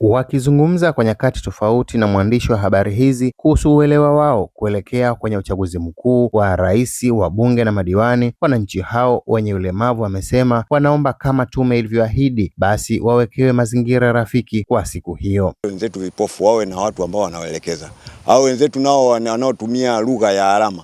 wakizungumza kwa nyakati tofauti na mwandishi wa habari hizi kuhusu uelewa wao kuelekea kwenye uchaguzi mkuu wa rais, wa bunge na madiwani. Wananchi hao wenye ulemavu wamesema wanaomba kama tume ilivyoahidi, basi wawekewe mazingira rafiki kwa siku hiyo. Wenzetu vipofu wawe na watu ambao wanawaelekeza, au wenzetu nao wanaotumia lugha ya alama,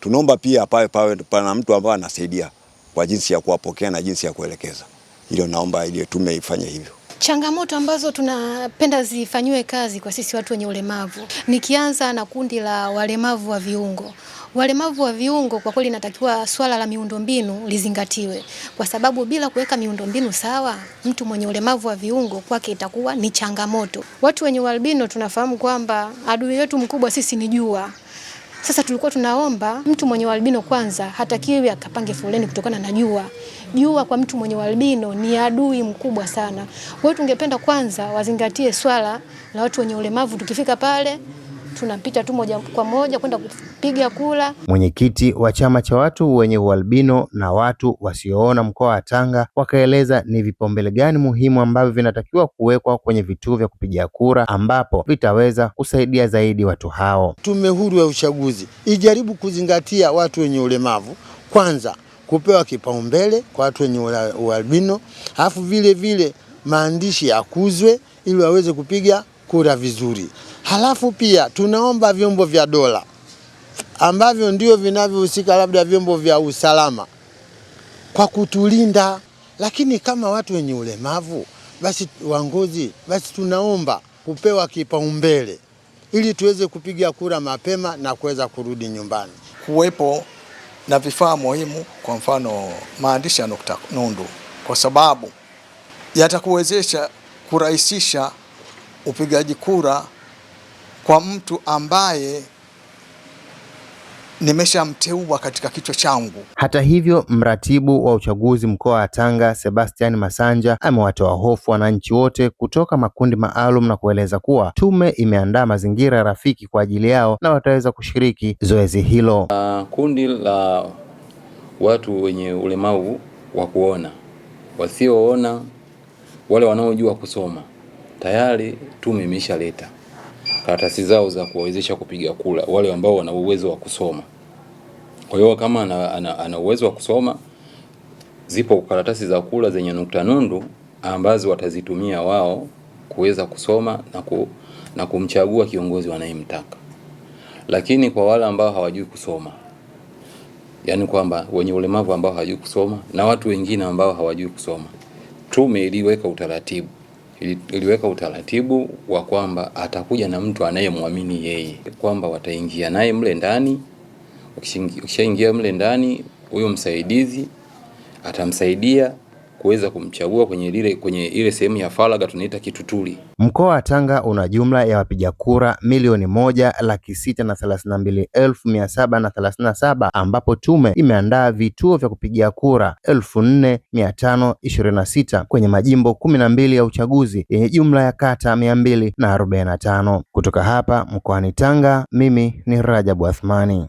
tunaomba pia pawe pawe pana mtu ambaye anasaidia kwa jinsi ya kuwapokea na jinsi ya kuelekeza. Hilo naomba ile tume ifanye hivyo. Changamoto ambazo tunapenda zifanyiwe kazi kwa sisi watu wenye ulemavu, nikianza na kundi la walemavu wa viungo. Walemavu wa viungo kwa kweli, inatakiwa swala la miundombinu lizingatiwe, kwa sababu bila kuweka miundombinu sawa, mtu mwenye ulemavu wa viungo kwake itakuwa ni changamoto. Watu wenye ualbino tunafahamu kwamba adui yetu mkubwa sisi ni jua. Sasa tulikuwa tunaomba mtu mwenye albino kwanza hatakiwi akapange foleni kutokana na jua. Jua kwa mtu mwenye albino ni adui mkubwa sana. Kwa hiyo tungependa kwanza wazingatie swala la watu wenye ulemavu tukifika pale tunapita tu moja kwa moja kwenda kupiga kula. Mwenyekiti wa chama cha watu wenye ualbino na watu wasioona mkoa wa Tanga wakaeleza ni vipaumbele gani muhimu ambavyo vinatakiwa kuwekwa kwenye vituo vya kupiga kura ambapo vitaweza kusaidia zaidi watu hao. Tume huru ya uchaguzi ijaribu kuzingatia watu wenye ulemavu kwanza, kupewa kipaumbele kwa watu wenye ualbino, alafu vile vile maandishi yakuzwe ili waweze kupiga kura vizuri. Halafu pia tunaomba vyombo vya dola ambavyo ndio vinavyohusika labda vyombo vya usalama kwa kutulinda, lakini kama watu wenye ulemavu basi wangozi, basi tunaomba kupewa kipaumbele ili tuweze kupiga kura mapema na kuweza kurudi nyumbani. Kuwepo na vifaa muhimu, kwa mfano maandishi ya nukta nundu, kwa sababu yatakuwezesha kurahisisha upigaji kura kwa mtu ambaye nimeshamteua katika kichwa changu. Hata hivyo, mratibu wa uchaguzi mkoa wa Tanga Sebastian Masanja amewatoa hofu wananchi wote kutoka makundi maalum na kueleza kuwa tume imeandaa mazingira rafiki kwa ajili yao na wataweza kushiriki zoezi hilo. Uh, kundi la watu wenye ulemavu wa kuona, wasioona, wale wanaojua kusoma tayari tume imeshaleta karatasi zao za kuwawezesha kupiga kura wale ambao wana uwezo wa kusoma. Kwa hiyo kama ana, ana, ana uwezo wa kusoma, zipo karatasi za kura zenye nukta nundu ambazo watazitumia wao kuweza kusoma na, ku, na kumchagua kiongozi wanayemtaka. Lakini kwa wale ambao hawajui kusoma, yaani kwamba wenye ulemavu ambao hawajui kusoma na watu wengine ambao hawajui kusoma, tume iliweka utaratibu iliweka utaratibu wa kwamba atakuja na mtu anayemwamini yeye, kwamba wataingia naye mle ndani. Ukishaingia mle ndani, huyo msaidizi atamsaidia kuweza kumchagua kwenye lile kwenye ile sehemu ya faragha tunaita kitutuli. Mkoa wa Tanga una jumla ya wapiga kura milioni moja laki sita na thelathini na mbili elfu mia saba na thelathini na saba ambapo tume imeandaa vituo vya kupigia kura elfu nne mia tano ishirini na sita kwenye majimbo kumi na mbili ya uchaguzi yenye jumla ya kata mia mbili na arobaini na tano. Kutoka hapa mkoani Tanga, mimi ni Rajabu Athmani.